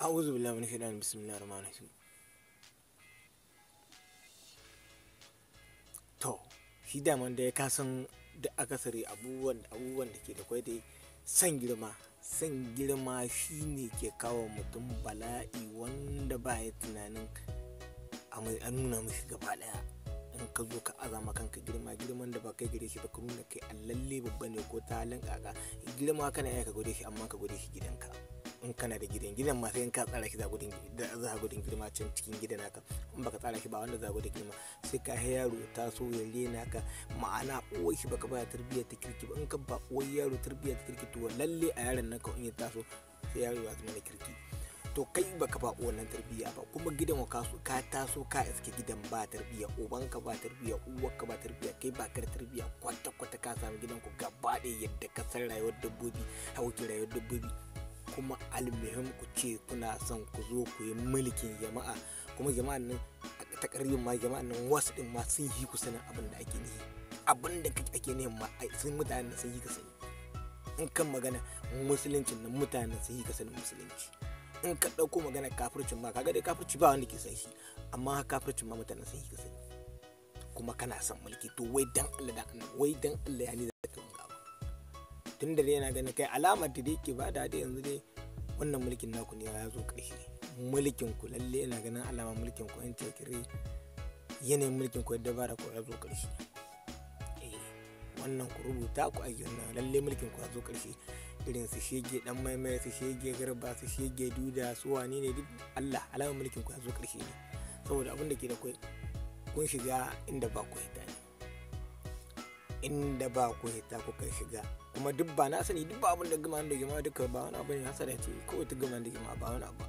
a'udhu billahi min shaitan bismillahir rahmanir rahim to shi daman da ya kasan da akasari abubuwan abubuwan da ke da kwai dai san girma san girma shi ne ke kawo mutum bala'i wanda ba ya tunanin a nuna mashi gaba daya in ka zo ka azama kanka girma girman da ba kai gare shi ba ka nuna kai allalle babba ne ko talin kaka girma kana iya ka gode shi amma ka gode shi gidanka in kana da gidan gidan ma sai in ka tsara ki za gudun za gudun girma can cikin gidan naka in baka tsara ki ba wanda za gudun girma sai ka ha yaro ta so ya rena ka ma'ana uwar shi baka baya tarbiyyar ta kirki ba in ka ba uwar yaro tarbiyyar ta kirki to lalle a yaron nan ka in ya taso sai yaro ya zama da kirki to kai baka ba wannan tarbiyya ba kuma gidan ka so ka taso ka iske gidan ba tarbiyya ka ba tarbiyya ka ba tarbiyya kai ba kar tarbiyya kwata kwata ka samu gidan ku gaba da yadda ka san rayuwar dabbobi hauki rayuwar dabbobi kuma almihim ku ce kuna son ku zo ku yi mulkin jama'a kuma jama'an nan a ƙarfin ma jama'an nan wasu ɗin ma sun yi ku sanin abin da ake nihi abin da ake nihin ma sun mutanen sun yi ka sani in kan magana musulunci nan mutanen sun yi ka sani musulunci in ka ɗauko magana kafircin ma kaga dai kafirci ba wanda ke san shi amma kafircin ma mutane sun yi ka sani kuma kana son mulki to wai dan Allah da Allah wai dan Allah ya ni tun da yana ganin kai alamar da yake ba da yanzu dai wannan mulkin naku ne ya zo ƙarshe mulkin ku lalle yana ganin alamar mulkin ku yan tekire yanayin mulkin ku yadda bara ku ya zo ƙarshe eh, wannan ku rubuta ku gina lalle mulkin ku ya zo ƙarshe irin su shege dan maimai su shege garba su shege duda su wani ne duk Allah alamar mulkin ku ya zo ƙarshe ne saboda abin da ke da kai kun shiga inda ba ku ta inda ba ku hita kuka shiga kuma duk ba na sani duk ba abin da gama da gama duka ba wani abu ne hasada ce kawai ta gama da gama ba wani abu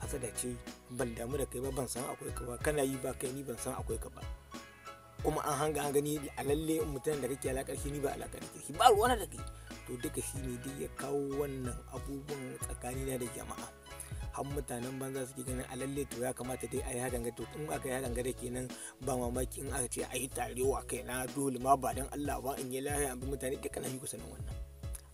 hasada ce ban damu da kai ba ban san akwai ka ba kana yi ba kai ni ban san akwai ka ba kuma an hanga an gani a lalle mutum da kake alakar shi ni ba alakar da shi ba ruwa da kai to duka shi ne duk ya kawo wannan abubuwan tsakanina da jama'a har mutanen banza suke ganin a lalle to ya kamata dai a yi hakan to in aka yi hakan da kenan ba mamaki in aka ce a yi tarewa kai na dole ma ba dan Allah ba in yi lahiya an bi mutane da kana yi kusa nan wannan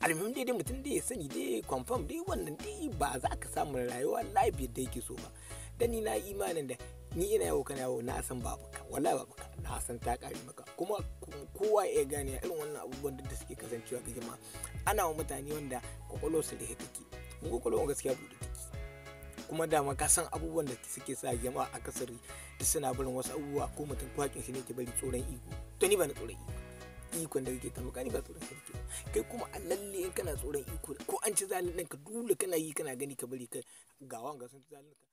alhamdulillah dai dai mutum dai ya sani dai confirm dai wannan dai ba za ka samu rayuwa lafiya da yake so ba da ni na imanin da ni ina yawo kana yawo na san babu ka wallahi babu ka na san ta kare maka kuma kowa ya gane irin wannan abubuwan da suke kasancewa ga jama'a ana wa mutane wanda kwakwalwar su da take mu kwakwalwar gaskiya buɗe kuma dama ka san abubuwan da suke sa jama'a a kasari duk suna barin wasu abubuwa ko mutum kwakin shi ne ke bari tsoron iko to ni ba na tsoron iko ikon da kake tamaka ni ba tsoron sarki kai kuma a lalle kana tsoron iko ko an ci zalin ɗinka dole kana yi kana gani ka bari ka gawan ga sun ci zalin ka